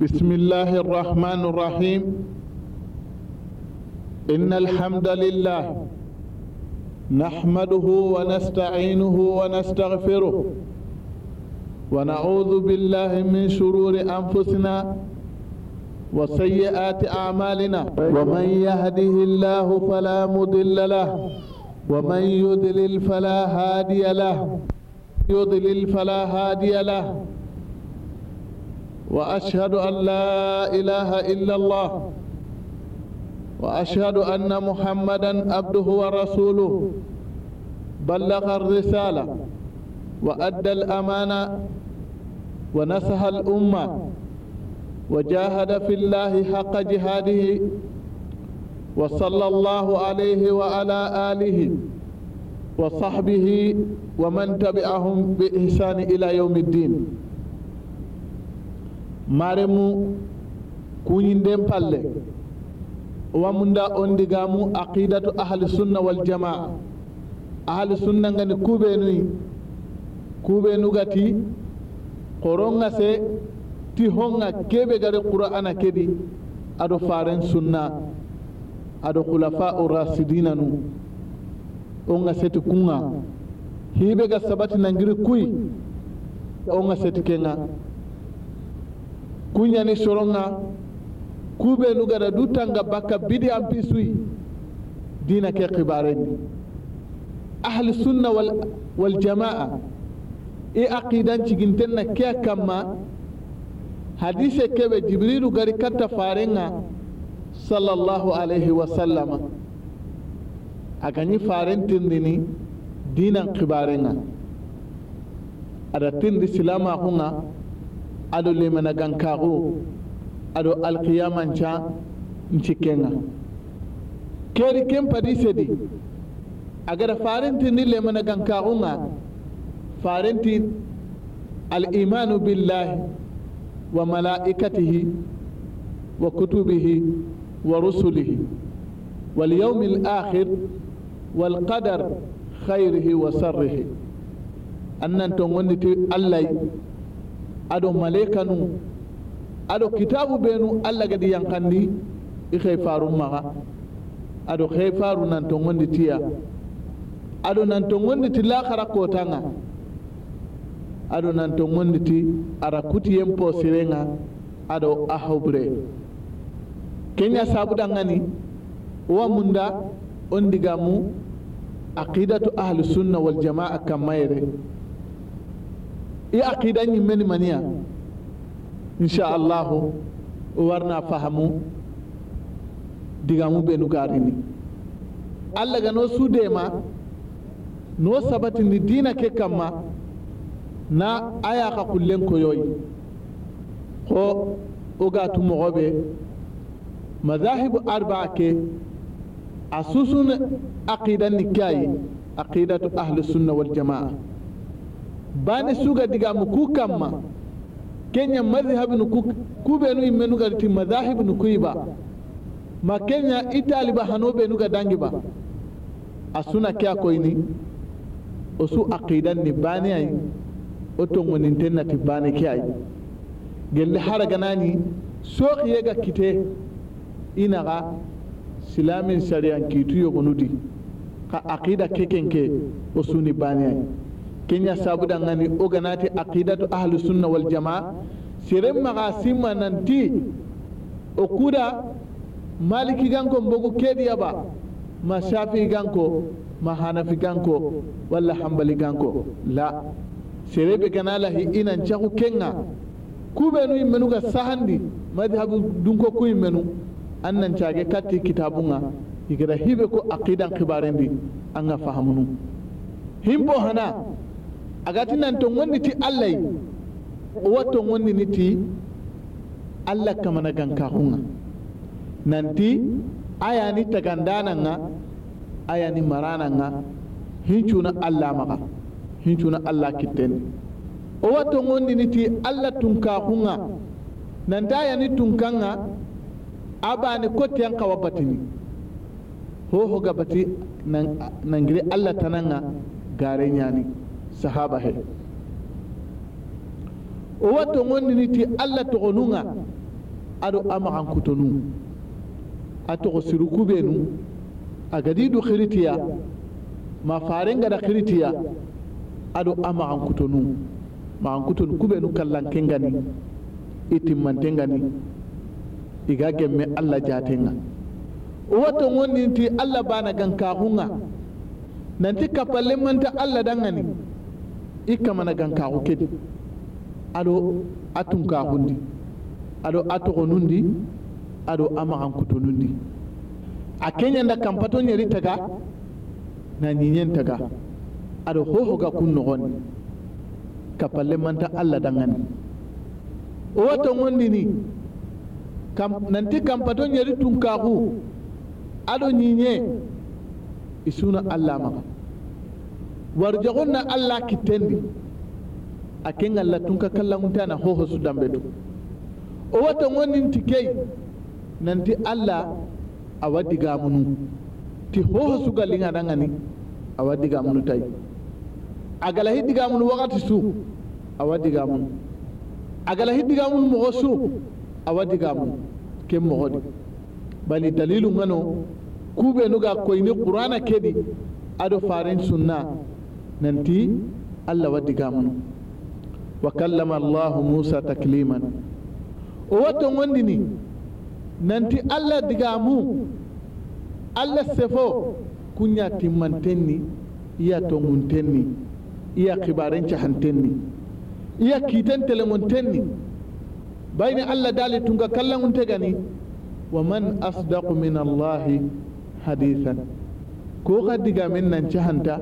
بسم الله الرحمن الرحيم إن الحمد لله نحمده ونستعينه ونستغفره ونعوذ بالله من شرور أنفسنا وسيئات أعمالنا ومن يهده الله فلا مضل له ومن يضلل فلا هادي له يضلل فلا هادي له وأشهد أن لا إله إلا الله وأشهد أن محمدا عبده ورسوله بلغ الرسالة وأدى الأمانة ونسها الأمة وجاهد في الله حق جهاده وصلى الله عليه وعلى آله وصحبه ومن تبعهم بإحسان إلى يوم الدين maremu kuñinden palle wamunda on digamu aqidatu ahli sunna wal jamaa ahli sunna ngani kuɓenuyi kuɓenugati xoronga se ti honga keɓe gari qur'ana keɗi aɗo faren sunna aɗo hulafa u rasidina nu onga seti kunga hiɓe ga sabati nangiri kuy onga seti kenga kunyani soronga kube gada du tanga bakka bidi an dina ke kibarendi ahli sunna wal, wal jamaa i e aqidan ciginten na ke kamma hadise kebe jibrilu gari katta farenga sallallahu alayhi wa sallama agañi farentindini dinan kibarenga aɗa tindi silamakunga aɗo lemana gankaku aɗo alkiyamanca kere keri ken padi sedi agada farenti ni lemana gankakunga farenti al'imanu billahi wa malaikatihi wa kutubihi wa rusulihi wal yawmil akhir wal qadar khairihi wa sarrihi annan to gonditi allai. Ado malaika nu ado kitabu benu allah gadi yankandi i khayfaru maga ado khayfaru nan to ngondi tiya tiya nan to ngondi ti laxara kotanga nan to ngondi ti ara yem po sirenga a ahobre kenya sabu sabudangani wa munda on digamu aqidatu wal jamaa kamayre i aqidan yimmeni maniya inchallahu warna fahamu digamu ɓenu garini allah ga no sudema no sabatindi dina ke kamma na ayaka ka kullen koyoyi ko o gatu mogoɓe mazahibu arbaa ke a susun aqidan ni ke ayi wal jama'a bani suga diga mu ku kamma kenya mazhab nu ku kube nu imme nu garti mazahib nu kuiba ma kenya itali ba hanobe nu ga dangi ba asuna kya koyni osu aqidan ni bani ay oto ngonin tennati bani kya ay gelle haraganani soki yega kite inaga silamin sariyan kitu yogonudi ka aqida kekenke osuni bani ay kenya da ngani oganati aqidatu ahlus sunna wal jamaa serem maga nanti okuda maliki ganko mbogo kediyaba ma shafi ganko ma hanafi ganko wala hambali ganko la be gana lahi inan chaku kenga kubenu imenu ga sahandi madhabu dunko ku imenu annan cage katti kitabunga igara hibe ko aqidan kibarendi anga fahamunu himbo hana agati nan to wani ti allai wato wani ni ti allah kamana ganka nan nanti aya ni tagandanan na, aya ni na, hincu na allah maka na allah kitten o wato wani ni ti allah tunka nan ta aya ni tunkan ga abani kotiyan kawa batini hoho gabati nangiri allah tananga gare nyani sahaba he o wa togondini ti alla togonunga ado a maxan kutonu a togo sirukubenu a gadi du xiritiya ma faren gada xiritiya ado a maxan kutonu maxan kutonu kubenu kallankengani i timmantengani i ga gemme alla jatenga o wa togondini ti alla bana gankaxunga nanti kapalle manta alla dangani i kamana gankaxu kedi ado a tunkaxundi ado a toxonundi ado a maxan kutonundi a keñanda kam pato ñeri taga na ñiñen taga aɗa hohoga kun noxoni kapalle manta allah dangani owa tongondini kam, nanti kampato ñeri tunkaxu ado ñiñe i suna allah maxa warjagunna allah kitendi aken allah tun ka na hoho su dambetu o wata ŋoninti kei nanti allah ga munu ti hoho su munu tai digamunu tayi diga munu wakati su A galahi diga munu mogo su awa digamunu ken mogodi bali dalilu ngano kube nuga koyni qur'ana kedi ado farin sunna nanti allah waddi gamuno wa kallama allahu musa takliman o watto gondini nanti allah digamu allah sefo kunya timmantenni iya tonguntenni iya kibaren cahantenni iya kiiten telemontenni bayni allah dali tunga kallangunte gani wa man asdaqu min allahi hadisan ko ka digamen nan cahanta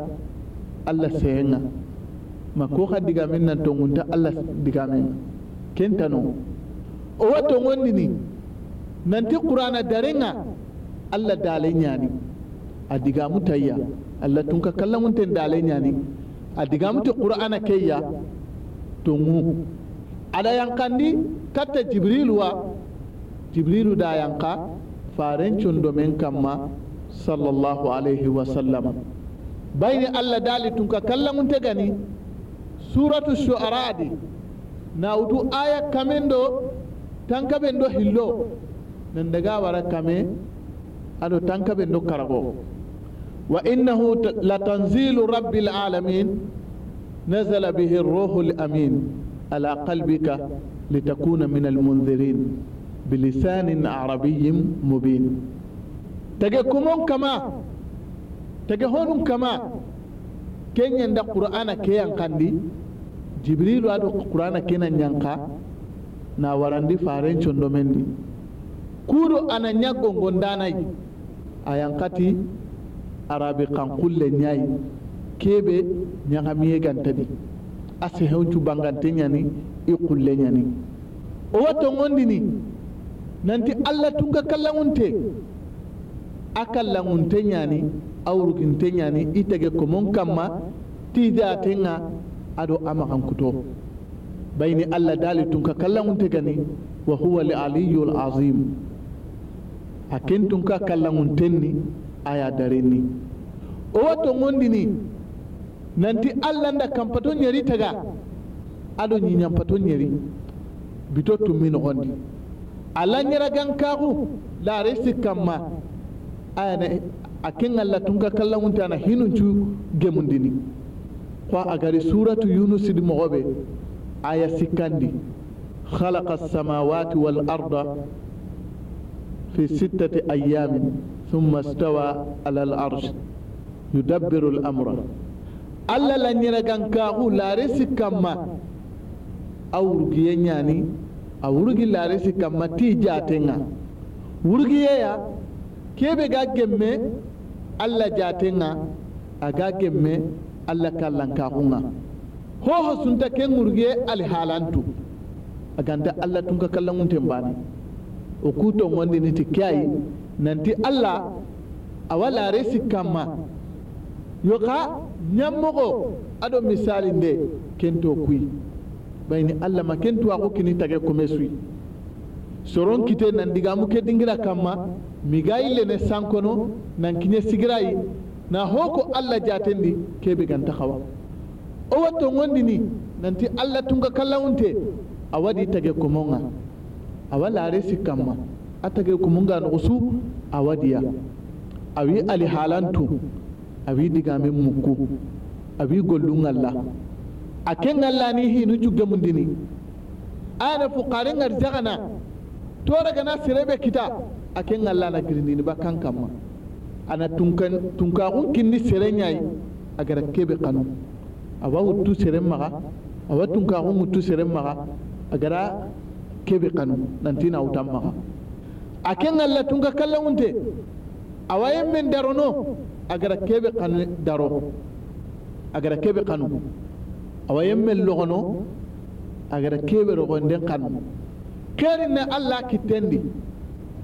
allah seyenga ma ko xa min nan tongunta allah digamenga kentano owa tongondini nanti qur'ana darenga allah dale ñani a digamu tayya allah tun ka kallamunten dale ñani a digamuti qur'ana keya tongu ada kandi katta jibril wa jibril da yanka faren cundo men kamma sallallahu alaihi wasallam بين الله دالي تنكا كلام تغني سورة الشعراء دي ناوتو آية كمين دو تنكا بين دو هلو نندقا ورا كمين أدو تنكا بين دو كرغو وإنه لتنزيل رب العالمين نزل به الروح الأمين على قلبك لتكون من المنذرين بلسان عربي مبين تجي كمون كمان tege honum kama kenyanda qur'ana ke yankandi jibrilu ado qur'ana kena nyanka na warandi faren chondo mendi kuro ananya nyago gondanai ayankati arabi kankulle nyai kebe nyagamiye gantadi ase hencu bangante nyani i kulle nyani o wato ngondini nanti allah tunga kallangunte a nyani awrukinte ni i tɛgɛ komon kanma ti da ga ado a kuto baini allah dali tun ka kallan unte gani wa huwa laliyu aliyul a akin tun ka kallanŋunten ni a ya daren ni o wa tongondini nanti alla nda paton nyari taga ado paton ɲeri bito tummi noxondi ala ɲeragan kaxu laare sikkanma ayana a kin allah tunka kallaŋuntana hinuncu gemundini ko gari suratu yunusidi mogoɓe aya sikandi halaka samawati wal arda fi sittati ayamin thumma stawa ala arsh yudabbiru l amra allah lañiragankaku laare ma a wurgiye ñani a wurgi laare sikkanma ti jatenga ya kebe ga gemme allah a aga gemme allah kallankakunga hoho ta ke ŋurgiye ali halantu aganta allah tunka kallanŋunten bani o ku tongondini ti ke nan nanti allah awa lare sikkanma yoka ɲammogo ado misalin de kento bai ni allah ma kentuwaku kini tage kome suyi soron kite nan digamu ke dingira kamma miga ne sankono nan kiɲe sigrai na hoko allah jatendi kebe ganta khawa o ngondi ni nanti allah tunga kallaunte a waɗi tage komonga awala resi sikkanma a tage komunga nugusu a waɗiya awi halantu awi digamen mukku awi gollun allah a ken ni hinu jugge mundini ana fuqarin arzagana to daga na sirebe kita kin Allah na girni ba kan kama ana tunkan ni kinni siren yi, a gara kebe kanu a ba hutu siren maka a ba tunka tunkakun hutu siren maka a gara kebe kanu nan tina wutan maka kin Allah tunka kallon wunte a wayan min daro no a gara kebe kanu daro a gara kebe kanu a wayan min logono a gara kebe rogon den kanu keri na allah kitendi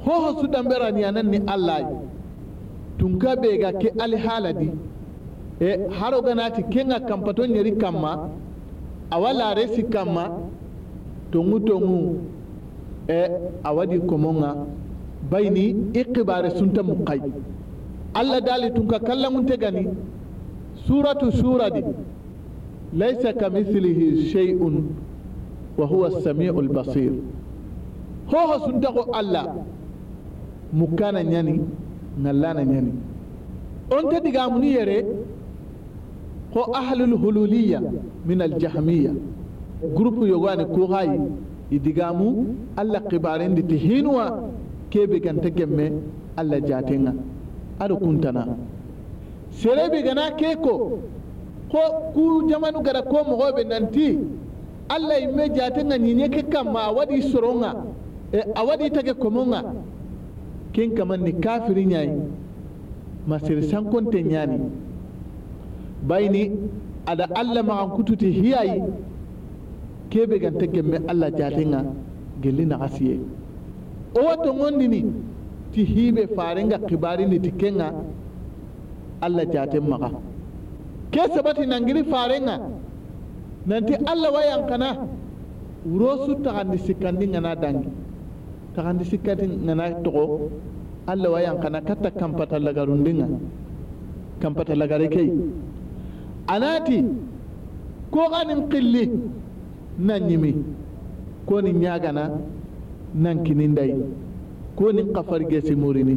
hoho suɗanɓeraniyanan ni allah tun ka ɓe ga ke alihaala di e haro ganati kenga kampato ñeri kamma awa laare si kamma tongu tongu e awadi komonga bayni i kibare sunta mukkay allah dali tun ka kallangunte gani suratu sura di laysa kamithlihi shey'un wa huwa samiu lbasir hoho ko allah mukkana ñani ngallana ñani on te digamuni yere ko ahlul hululiya min aljahmiya groupe yogani kuxayi i digamu allah xibarendi ke hinuwa kebe ganta gemme allah jatenga aɗa kuntana serebe gana ke ko ko ku jamanu gara ko be nanti allah imme jatenga ñiñe ke kamma wadi soronga Eh, a waɗi tage komonga kin kaman ni kafiri yayi masir sankonte bai bayni ada allah an kututi hiyayi kebe ta gemme allah jatenga gelli naxa asiye o wa ni ti hiɓe farenga kibarini ti kenga allah jaten maka. ke sabati nangiri farenga nanti allah kana wuro su taxandi sikkandinga na dangi taxandi sikkati ngana toxo alla wa yankana katta kampata lagarundinga kampata lagare kei anati ko xanin qilli na ñimi ko ni ñagana nan kinindai ko ni kafar gesi murini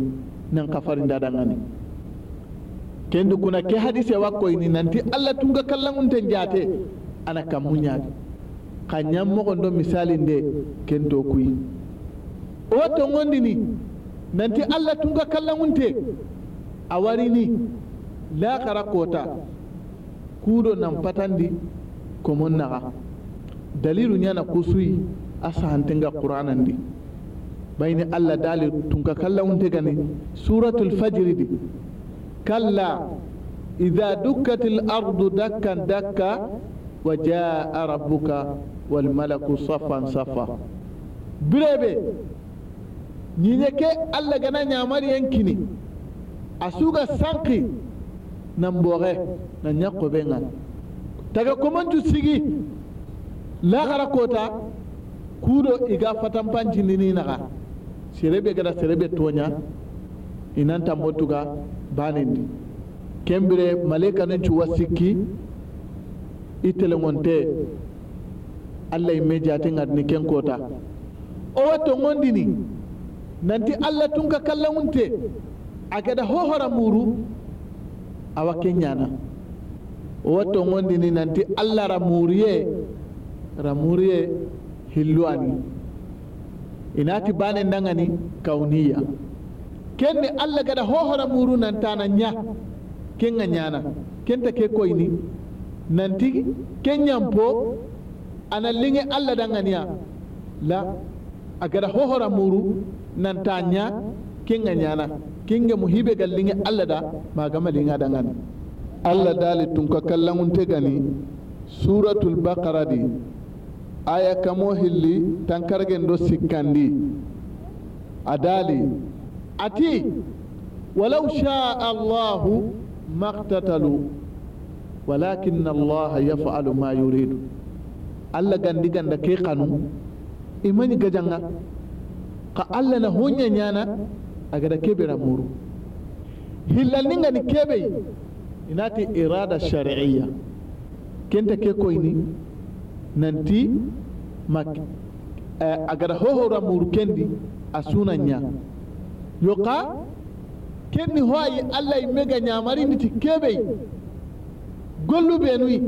nan kafar kafarin dadangani kendu kuna ke hadise wa koyni nanti allah tunga kallan kallangunten jate ana kammu ñaade xa ñammoxon do misalin de ken to kuyi oto gondini nanti allah tunga kallangunte a warini lakara kota kudo nan patandi komon naxa dalilu ñana kusuyi a sahantenga qur'anandi bayni allah dali tunka kallawunte gani suratul fajiri di kalla ida dukkatil ardu dakkan dakka wa jaa rabbuka walmalaku safan safa birebe ñiñeke allah gana ñamariyen kini a suga sanki nan boxe na ñakkoɓe ngan taga komantu sigi laxara kota kuɗo iga fatanpancindini naxa serebe gada serebe toña inan tambotuga banindi kembire malaika nun cuwa sikki itelengonte allah imme jatin adni ken kota owa tongondini nanti allah tun ka kallawunte a gada hohora muru awa keñana owa tongondini nanti allah ramuriye ramuriye hillu inati bane dangani kauniya kenne allah gada hohora muru nantana nya kenga nyana kenta ke koyni nanti kenñampo ana liŋe allah danganiya la a gada hohora muru nan ta nya kinga kin kinga muhibe gallin Allah da magama ga dangan Allah dalil tun ka un te gani suratul baqara di aya kamo hilli tankargen do sikkandi adali ati walau sha Allahu maqtatalu walakin Allah yaf'alu ma yuridu Allah gandi ganda ke kanu imani gajanga ka allah na hunya nyana agada kebe na muru hillaninga ni kebe inati irada shar'iyya kenta ke koyni nanti mak eh, agada hohora muru kendi asuna nya yoka kenni hoyi allah mega nyamari nditi kebe gollu benui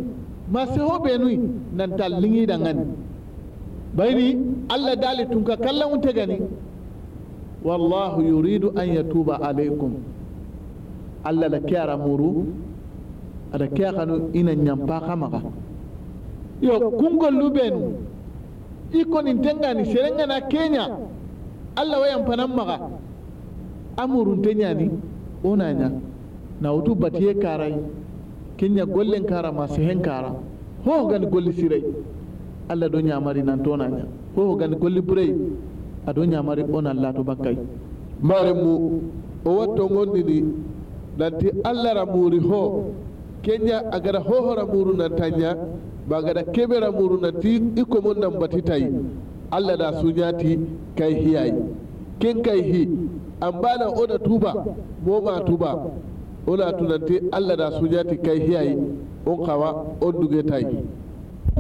ho benui nanta lingi ngani bayni allah dali tun ka kallon wuta gani wallahu yuridu an tuba alaikum allah la ramuru muru da kya kanu ina kama ka yo kungon lubenu iko ni tengani serenga na kenya allah wayan panan maka amurun ni onanya na utu batiye karai kenya gollen kara masu hen kara ho gani golli sirai allah don yamari nan tonaña fofo gandi kolli burey aɗo ñamari Allah to bakkay mare mu o ngondi ni nanti allah ramuri ho kenya agara hohora muru nan taña ma gada keɓera muru ti iko mon nan batitai allah da sunyati kai hiyai ken kai hi an bana ona tuba moma tuba ona tunanti allah da sunyati kai hiyai on kawa on dugetai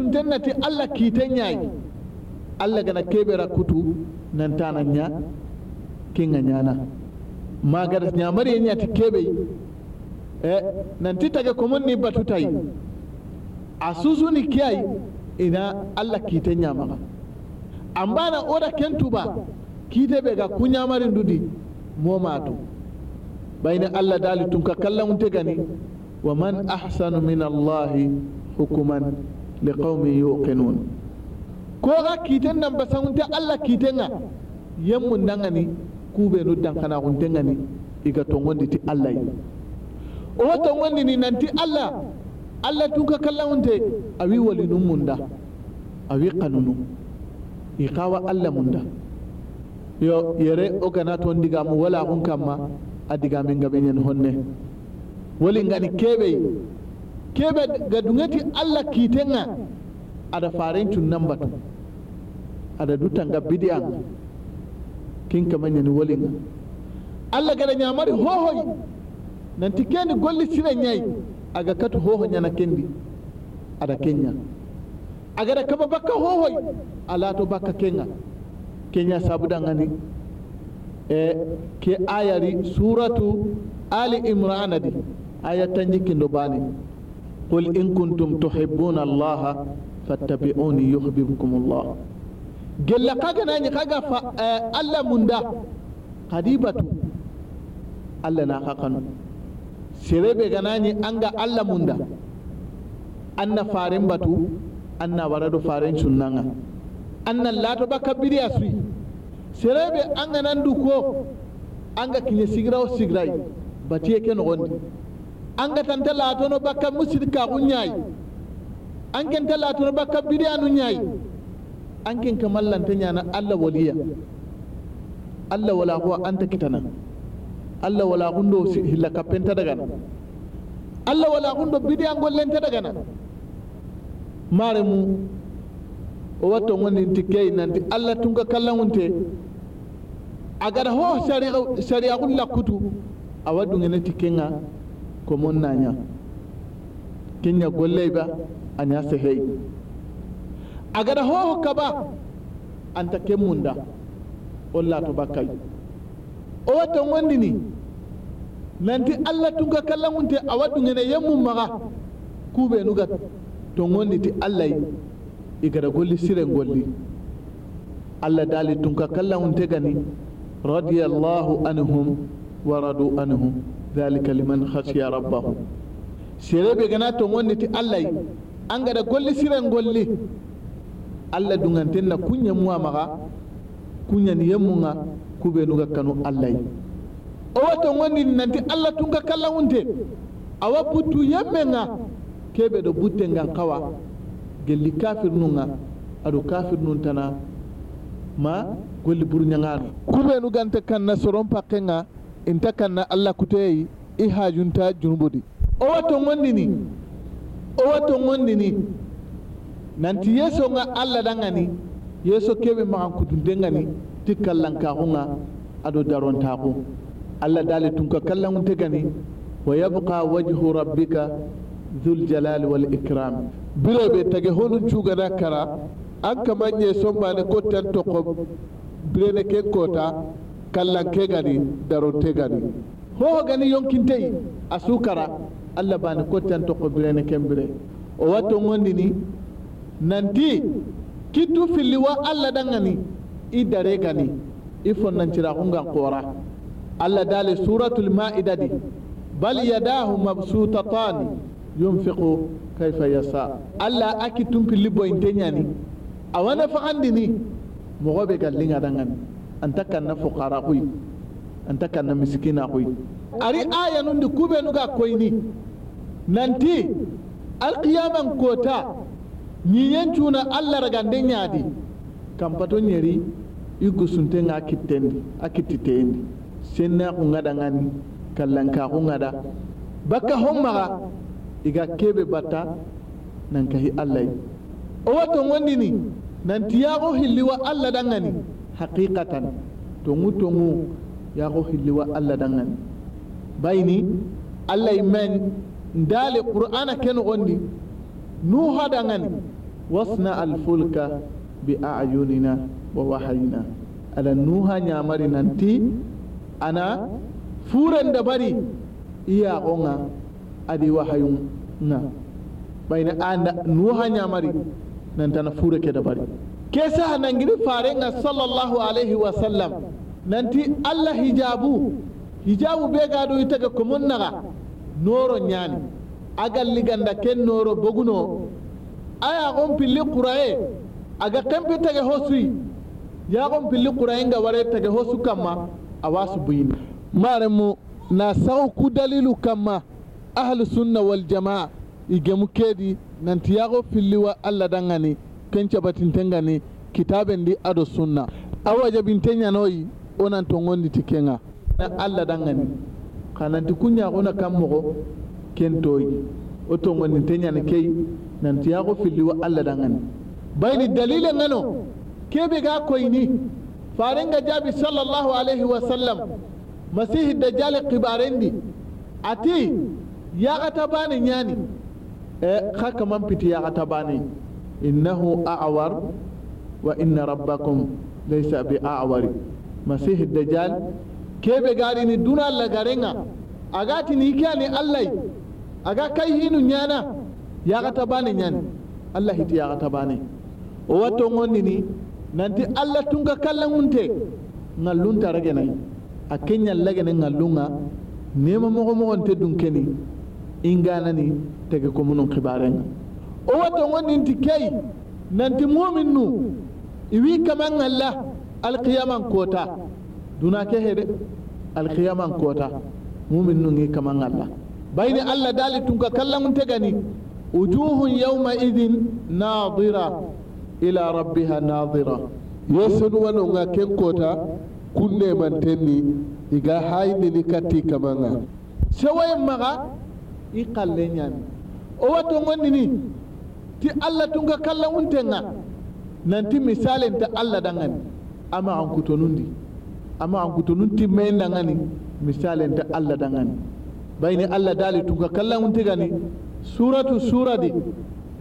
jannati allah kiitenñaayi allah gana keɓe kutu nan tana ña kinga ñana ma gadas kebe e ñati keɓey e nanti taga komon ni yi a susuni kiyayi ina allah kiite an ambana oda kentu ba kiite bai ga kuñamari ndudi momatu bayne allah daali tun ka kallan unte gani wa man ahsanu min allah hukuman liqaumin yuqinun ko ga kiten nan ba san ta Allah kiten ga yammun nan ani ku be nu dan kana hun tan ani iga ton wanda ti Allah yi o ton wanda ni nan ti Allah Allah tun ka kallon hunte wali walinun munda awi kanunu ikawa Allah munda yo yere o kana ton diga mu wala hun kamma adiga min gabe nyen honne wali ngani kebe kebe ga dungeti allah kitenga ada farencun nan batu ada dutanga bidiyan kin kamanyani walinga allah gada mari hohoy nanti kendi golli sire ñayi aga katu hoho na kendi ada kenya da kaba bakka hohoy alato bakka kenga kenya sabudangani e ke ayari suratu ali imran adi aya tanjikindo bani قل إن كنتم تحبون الله فاتبعوني يحببكم الله جل كاغا ناني قاقا فألا من مندا قديبة ألا ناقاقن سيريبي غناني أنغا ألا من مندا أن فارن باتو أن ورد فارن سنانا أن لا تبقى بريا أسوي سيريبي أنغا نندو كو أنغا كيني سيغراو سيغراي باتيه كنغندي an ga tanta latono bakka musirka kun yayi an kenta latono bakka bidiyanu yayi an kin ka mallanta ñana allah waliya allah wala ko anta kitana allah wala kundo hilla daga dagana allah wala gundo bidiyan daga dagana mare mu o watto goninti keyi nanti allah tunka kallangunte a gada ho shari'a lakkutu a waddu geneti kenga Komo nanya kinya gollai ba anya sehey agada hoho kaba anta kemmunda olla to bakkay o wattan wondini nanti allah tunga wunte a waddugene maka maga kuɓe nuga to ti allah yi igara golli sire golli allah ka tunka wunte gani radiyallahu anhum wa radu anhum dhalika liman khashiya rabbahu serebe gana to wonni ti allah an gada golli siran golli allah dunganten na kunya muwa maga kunya ni yemunga kube kanu allah o wato wonni nanti allah tunga kala unte awa butu yemmenga kebe do butte ngan kawa gelli kafir nunga ado kafir nun tana ma golli burnyangano kube nugante kan na soron pakenga inta na allah ku kuteyayi i hajunta junubodi ne, O gondini wani ne, nan ti yeso nga allah dangani yeso keɓe magan ma ngani ti kallankaku nga ado ku allah dali tunka kallangunte gani wa yabqa wajhu rabbika dhul jalali wal ikram be tage honum da kara an kamañe ne ko tan toko ke kota kallanke gani rote gani ho gani a sukara allah bani ta kubire ni kembire o wani gondini nanti tu fili wa allah gani i dare gani i fonnancirakungan kora allah dale suratul ma'ida di bal yadahu mabsutatani yunfiqu kaifa yasa allah a kittum pilli boyinte ñani awana faxandini moxo ka gallinga anta fukara fuqara an takan na miskina huy ari aya nun di kube nuga koyni nanti alqiyaman kota ñiyen cuna allah ragande ñaadi kam pato ñeri i gusuntenga a kittendi a ngada sennaku ŋaɗa ŋani kallankaku ngada. baka hon maga iga kebe bata batta nankahi allahy o wato gondini nantiyago hilliwa allah dangani ŋani haqiqatan tongu tongu ya go hilliwa Allah bai ni Allah imen ndale qur'ana ken gondi nu hadangan wasna alfulka bi a'yunina wa wahayna ala nuha nyamari nanti ana furen da bari iya onga adi wahayun na bai bayna anda nuha nyamari nan tana fure ke da bari nan kesa nangiri farenga sallallahu alaihi wasallam nanti allah hijabu hijabu be gado ita ga kumun naga noro nyani agalli ganda ken noro boguno aya gon pilli quraye aga ga tage hosui ya gon pilli quraye ga ware ga hosu kamma awasu buyini maremu na sau ku dalilu kamma ahal sunna wal jamaa igemu kedi nanti yago wa allah dangani kenca batintengani kitabe ndi ado sunna noyi onan to gonditi kenga na allah dangani xananti kuñaxuna kam moxo ken toyi wo to gondinteñani keyi nanti yaxo filliwo allah dangani bayni nano ke kebe ga farin ga jabi sallallahu alaihi wa sallam masihi dajjali qibarendi ati yaxata bane ñani e eh, xa kaman piti yaxata innahu a'war wa inna rabbakum laysa bi a'wari masih dajjal kebe garini duna lagarenga agati ni kyani allah aga kai hinu nyana ya gata bane nyani allah hiti ya gata o wato ngonni nanti allah tunga kallangunte ngallunta rage nai a kenya lage ne ngallunga nema mogo mogo nte dunkeni inganani tege komunun kibarenga o wato wani tikai kei nanti mumin nu iwi kaman Allah alkiyaman kota duna ke hede alkiyaman kota mumin nu ngi kaman Allah bayni Allah dali tun ka kallan te gani wujuhun yawma idhin nadira ila rabbiha nadira Ya wano nga ken kota kunne mantenni iga ni katti kamanga sewayen maga i kalle ñami o wato ni ti allah tun ga kallon wuntan wunten nan ti misalin ta allah dan gani amma an di amma an kutonun ti mai dan gani misalin ta allah dan gani bai ne allah dali tun ga kallon wuntan gani suratu sura di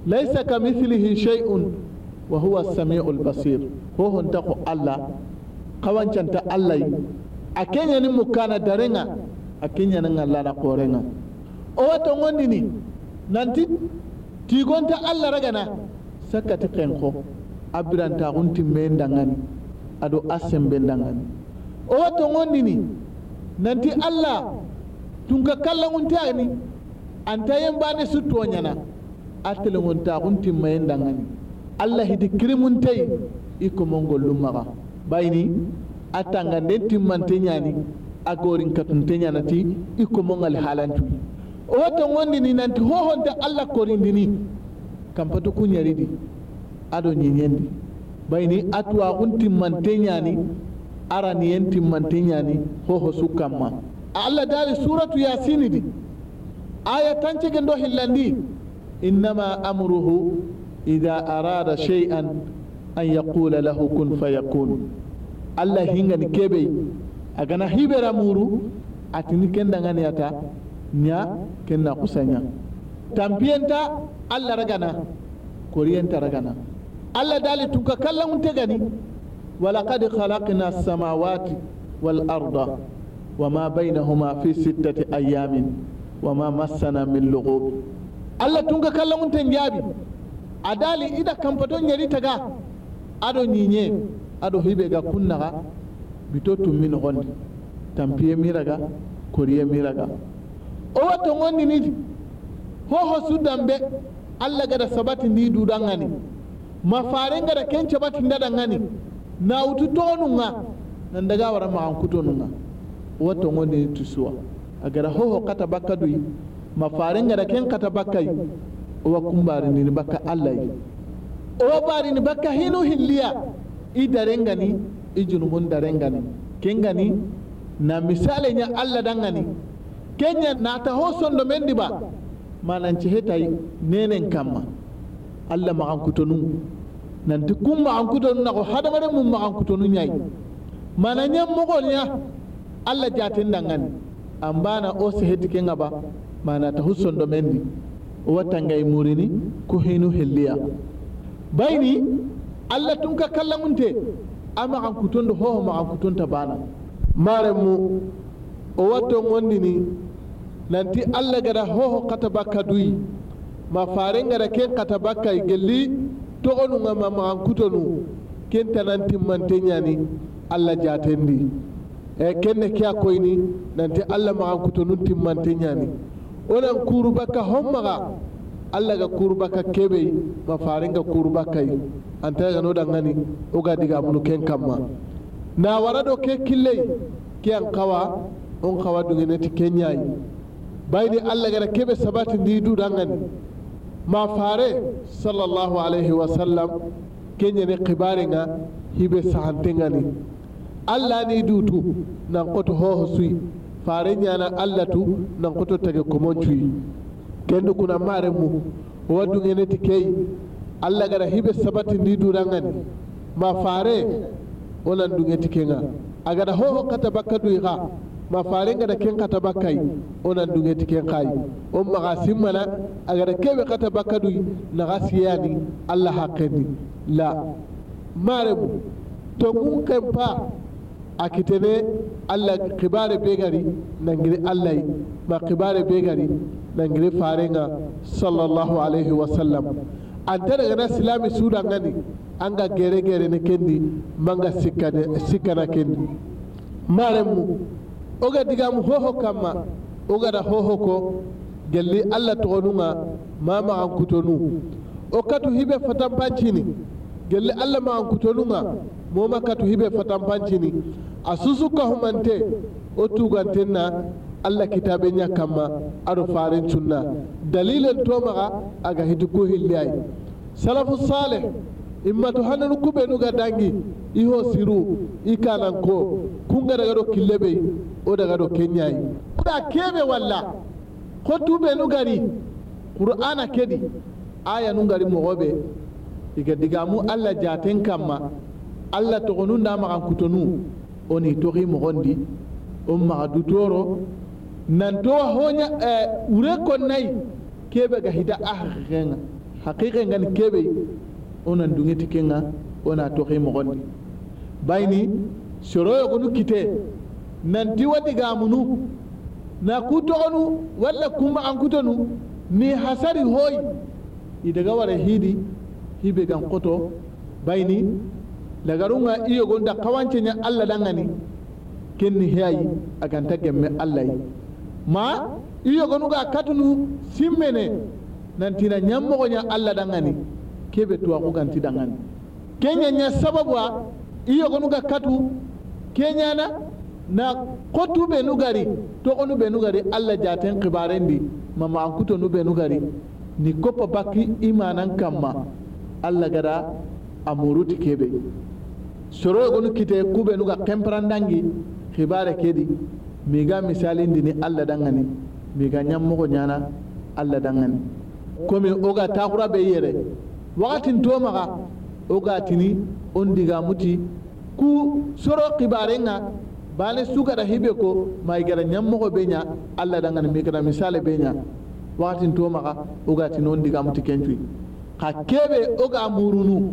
laisa ka mislihi shay'un wa huwa as samiul basir ho ta ko allah kawancan ta allah yi a kenya kenyani mukana darenga a kenyanin allah na korenga o wato ni nanti tigonta allah ragana sakkati ken ko a birantaxun timmen dangani ado a semben dangani owa tongondini nanti allah tunka kallanŋunteagini anta yen bane suttoñana a telenŋontaxun timmayen dangani allah hidi kirimuntei i komongollun maxa bayini a tanganden timmante ñani a gorin katunte ñanati i komonŋali halancuyi wani woton wondini hohon ta allah ni korindini kam pato kuñaridi aɗo bai ni atuwa un timmante ara ni timmante ni hoho sukkam ma allah dali suratu yasini di aya tancege ndo hillandi innama amruhu ida arada shay'an an yaqula lahu kun fayakun allah hingani keɓey agana hibera muru atini kendaganiyata nya kenna kusanya ta allah ragana ta ragana allah dali tuka kallan unte gani walaqad khalaqna samawati wal arda wama bainahuma fi sittati ayamin wama massana min lughub allah tunka kallan unte njabi a dali ida kampaton taga Ado nyinye Ado hibe ga kunnaga bito min nogondi tampiye miraga koriye miraga owa wani ni hoho dambe, allah gada sabati ndi duɗan gani ma faren gaɗa ken cabati na utu tonu nga nan daga wara maxan kutonunga owa wani ni tusuwa a gara hoho kata bakka duyi ma faren ken kata bakkayi owa kumbarinini bakka allah yi owa ni bakka hinu hilliya i dare gani i junubun dare gani ken gani na misale nya allah dangani kenya na ta hoson da mendi ba mananci hetay nenen kama allah maxan kutonu nanti kun maxan kutonu ko hadamare mun maxan kutonu yi mana ñen moxol ña allah jaten ngani an bana o seheti kenga ba mana tahu sondo men di owa tangay murini ku hinu helliya bayni allah tun ka kallamunte a maxan kutondo hoho maxan ba bana mare mu o watton ni nanti allah gada hoho kata bakka duyi ma faren gada ken kata bakka gelli togonuga ma magankutonu ken tanantimmante ñani allah jatendi e kenne keya koyni nanti allah magankutonun timmante ñani onan kuru bakka hon allah ga kuru bakka keɓey ma faren ga kuru bakkay antaganoɗangani oga digamunu ken kamma na wara ɗo ke killey ke an kawa on kawa dugenati keñayi bayni allah gara kebe sabati ndi du gani ma fare sallallahu alaihi wa sallam keñani kibare ga hiɓe sahante gani allah ni duutu nan koto ho sui fare ñana allah tu nan koto tage komon cuyi kendo kuna mare mu wa owa dugeneti kei allah gara hibe sabati ndi du gani ma fare onan dugeti tikenga ga agada hoho kata bakka duyi ma farenga da ken kata bakkai onan dungeti ken kayi on um maga simmana agada keɓe kata bakadu na naga siyani allah hakkendi la maremu to kun ken pa a kitene allah kibare be gari nangiri allah ma kibare be gari nangiri farenga sallallahu alaihi wasallam ta daga na silami sudan gani an ga gere-gere ne kendi manga sikana kendi maremu oga diga mu hoho oga ogada hoho ko gelli allah mama an kutonu o katu hibe pancini gelli allah ma kutonunga moma katu hibe pancini asusu susu humante o tuganten na allah kitabe nya kama aɗo farin sunna dalilan to maga aga hiti ko hilliyai salafu saleh imma to hananu kuɓenuga dangi iho siru i kanan ko kunga daga ɗo kille ɓey o daga ɗo kenyayi kuɗa keɓe walla ko tuɓenu gari qur'ana kedi aya nu gari mogoɓe iga digamu allah jaten kamma allah togonu nda maxan kutonu oni toxi moxondi o maxa dutoro nantowa hoña eh, wure konnayi keɓe ga hida a haqiqenga haqiqengani keɓey onan dungi tikenga ona toxi moxondi bayni soroyogonu kite nanti wa digamunu na ku toxonu walla kumba an kutonu ni hasari hoi. i daga wara hidi hibe gan koto bayni lagarunga i yogon da kawanceña allah dangani kenni heyayi aganta gemme allah yi ma i yogonuga katunu simmene nantina ñammoxoña allah dangani kebe tuwaku ganti dangani kenyanya sababwa iyogonu nuka katu kenya na kotu be nugari togonu be nugari allah jaten kibarendi mamankuto nu be nugari ni koppa baki imanan kamma allah gada amuruti kebe soroyogonu kite kube nuga kemperandangi kibare kedi miga ni allah dangani miga ñammogo nyana allah dangani komi oga takura be yere wakatin to maga ga tini on diga muti ku soro xibarenga bane da hibe ko mai gara ñammoxo be ña allah da mi kata misale benya ña wakatin tomaxa wo ga tini on diga muti kencuy xa keɓe wo ga murunu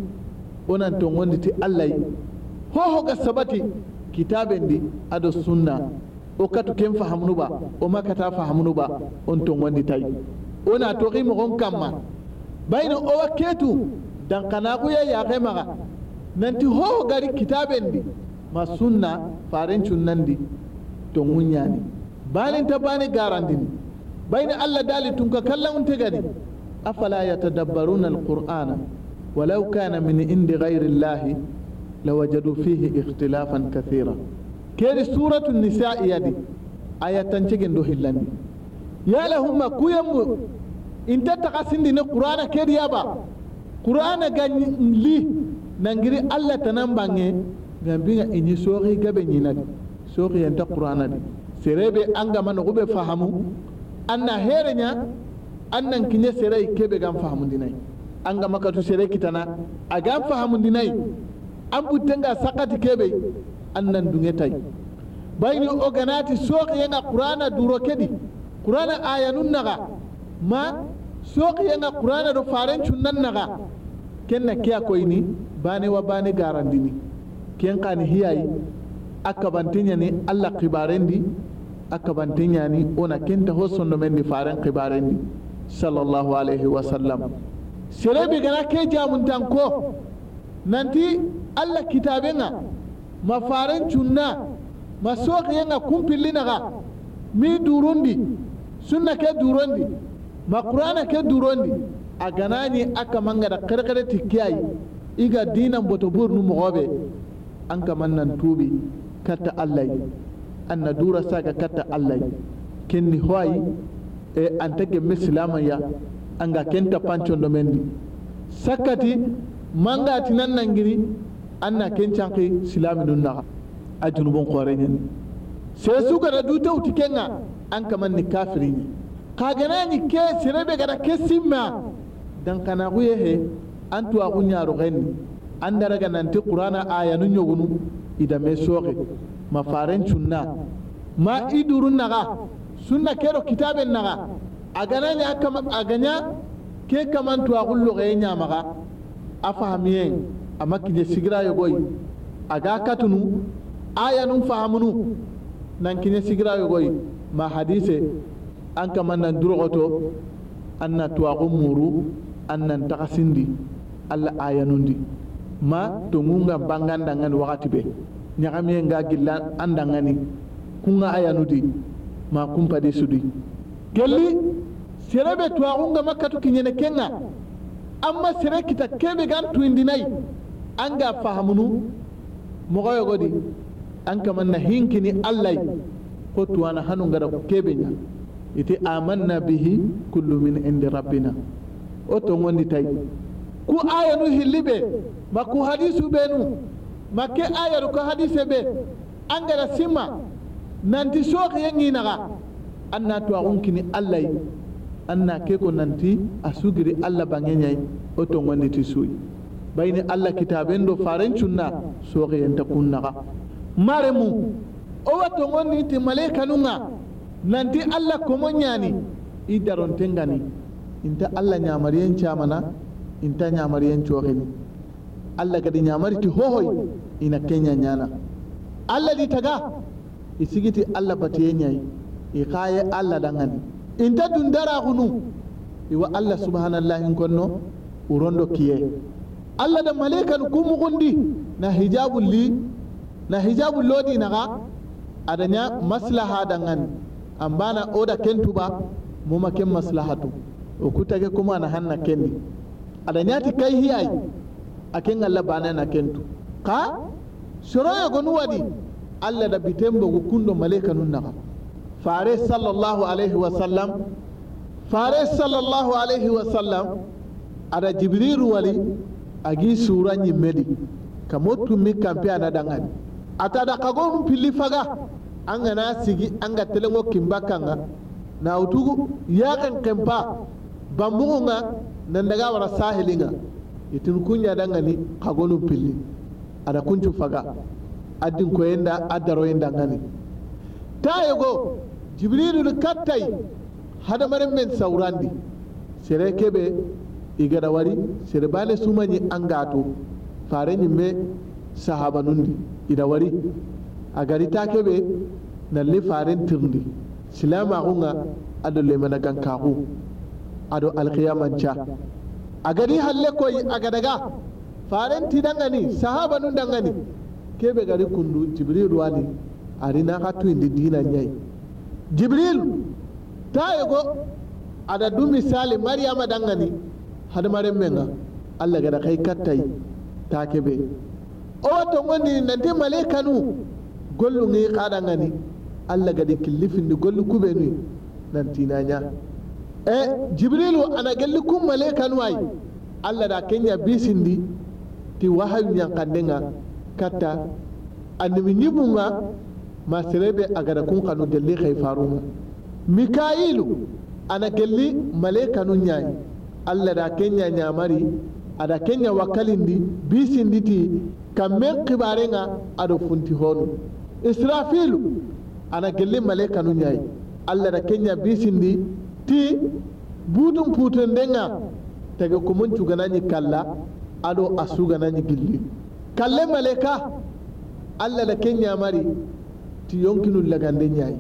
wo nan ton ho ho ga sabati kitaben di ado sunna o katu ken fahamnu ba o makata fahamnu ba on ngondi tai ona to toxi moxon kamma Baini owa ketu dankanaguya yaxe maxa nanti hoho gari kitabendi ma sunna faren cunnandi to ŋuñani baninta bani garandini bayni allah dali tunka kallaunte gani afala yatadabbaruna alqur'ana walau kana min indi gayri llahi lawajadu fihi ikhtilafan kathira keri suratu nisa'i yadi ayatancegen do hillandi yala humma kuyanmu in inte taxa sindini qur'ana ba qur'ana ga li nangiri allah ta nan bange gambinga iñi sooxi gabe ñinadi sooxi yenta qur'ana di serebe angama noxuɓe fahamu anna hereña an nan kiñe serai kebe an fahamundinayi angama katu sere kitana agan fahamundinayi an buttenga sakati kebe an nan duŋetayi bayni oganati sooxiyenga qur'ana duro kedi qur'ana ayanun naga ma soqiyenga qur'ana do faren cunnan naga kenna kiya koyni bane wa bane garandini ken kani hiyayi ni allah kibarendi ni ona kenta ho sondomendi faren kibarendi sallallahu alaihi wasallam serebe gana ke jamuntan ko nanti allah kitabenga ma faren cunna ma na ga, mi durundi sunna ke durundi ma qur'ana ke durondi a ganani aka manga da karkare tikiyai iga dinan boto burnu mogobe an ka mannan tubi katta allai an na dura sa saka katta allai kenni hoyi e an take mislaman ya an ga kenta pancon domendi sakati manga tinan nan giri, an na kencan kai silami nun na a junubun koren sai su ga da dutau tikenga an kaman ni kafiri ne ni ke serebe gada ke simma dan kana guye he an tuwa kunyaro gani an daraga ti qur'ana nun yogunu ida me soke ma faren cunna ma idurun naga sunna kero kitaben naga ni akama aganya ke kaman tuwa kullu gaye nyamaga afahamiyen amma kije sigira yogoyi aga katunu nun fahamunu nan kinye sigira yogoyi ma hadise anka kama nan durogoto an na tuwaxu muru an nan taxasindi alla ayanundi ma tongunga bangan dangani wakati be ñaxamiye nga gilla an dangani kunga ayanudi ma kumpadi sudi gelli serebe tuwaxunga makkatu kiñene kenga amma sere kita kebe gan nai, an ga fahamunu mogo yogodi an kaman na hinkini allay ko tuwana hanu ngara kebe nya. iti amanna bihi kullu min indi rabbina o to ngondi tay ku aya nu hillibe ma ku hadisu benu. ma ke ru ko hadise be. an simma nanti sooki ye naga. anna to axun kini allai. anna ke ko nanti a sugiri allah bange ñayi o to ngondi ti suyi bayni allah kitaben do faren cunna sooki yenta kun naxa mare mu o to ti malaika nunga nanti allah komo ñaani i daronten gani inta allah ñamariyen camana inta ñamariyen cooxini allah gadi ñamariti hohoy ina keña ñana allah di taga i sigiti allah batiye ñayi i xaye allah dangani inta dun daraxunu iwa allah subhanallahin konno urondo kiye allah da malaikanu ku mugundi na hijabul li na hijabu lodi naxa da ña maslaha dangani An ambana oda mu ma ken maslahatu okutage kuma na hanna kendi ada nyati kai hiyai aken Allah bana na kentu ka soro ya gonu wadi Allah da bitembo kundo malaika nun naka fare sallallahu alaihi wa sallam fare sallallahu alaihi wa sallam ada jibrilu wali agi sura nyimedi kamotu mi kampe ana dangani atada kagon pili faga an ga na sigi an ga telengo kimba kanga na utugu ya kan kempa bambugu nga nan daga wara sahili nga itin kunya ka kagonu fili ada kuncu faga addin koyenda addaroyen ngani ta yago jibrilu kattai hadamaren men saurandi sere kebe igada wari sere bane sumanyi angato fare nyimme sahabanundi ida wari A gari ta agari takebe nalli faren tirndi silamaxunga ado lemanagankaaxu alkiyamanca a gari halle a aga daga faren ti sahaba nu dangani kebe gari kundu jibril wani rina hatu indi dina ñayi jibril ta a da du misali mariyama dangani marin menga allah gada kai kattayi ta kebe o wani nan malaikanu gollu ngi kada ngani alla gadi kilifindi gollu kube ni nan tinanya e jibrilu ana gelli kun malaika nuwai alla da kenya bisindi ti wahayu yankandenga kata animi ñimunga ma serebe agada kun kanu gelli hay faruma mikailu ana gelli malaika nya ñayi alla da kenya ñamari ada kenya wakkalindi bisindi ti kammen kibarenga aɗo funti honu israfilu ana gelle malaika nun yayi allah da kenya bisindi ti butun putun denga taga kumun ni kalla ado ni gilli kalle malaika allah da kenya mari ti yonkinu laganden yayi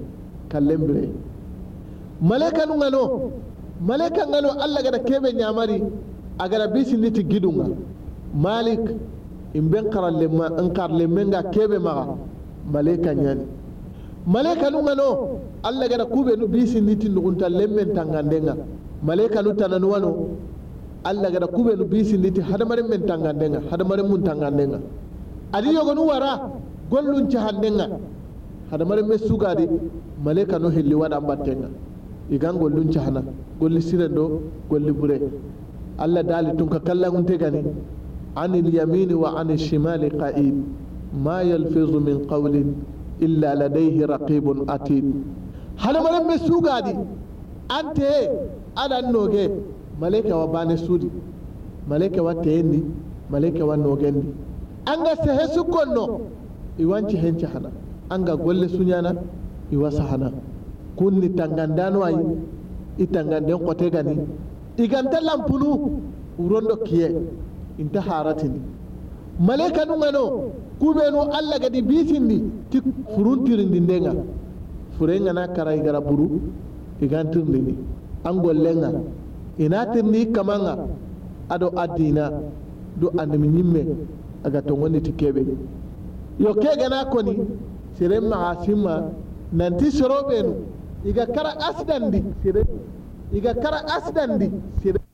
Kalle bire malaika nun gano malaika ngano allah gada kebe nyamari agara bisindi ti gidunga malik in ben karallemma in karlemmen ga kebe maga malaika yan malaika nu ngano allah gana kuɓe nu bisinditi nugunta lemmen tangandenga malaika nu tananu wano allah gana kuɓe nu bisinditi hadamaren men tangandenga hadamaren mun tangandenga adi yogonu wara gollun cahandenga Hadamare me sugadi malaika nu helli waɗan battenga igan gollun cahana golli siren golli bure. allah daali tun ka kallangunte gani anil yamini wa anil shimali qa'id ma yalfizu min qawlin illa ladayhi raqibun atid hadamaren be sugadi ante adan noge malaika wa bane sudi malaika wa teyenni malaika wa nogendi anga sehe sukkonno iwanci henci hana anga golle suñana iwasa hana kunni tangandano ayi i tanganden kote gani iganta lampunu wurondo kiye inta haratini malaika nu ngano kubenu alla gadi bisindi ti furuntirindi ndenga furenga na kara igara buru igantirndini an gollenga inatirni kamanga ado addina do andimi ñimme aga tongoni ti keɓe yo kegana koni seren maxa simma nanti soroɓenu iga kara asdandi sere iga kara asdandi sere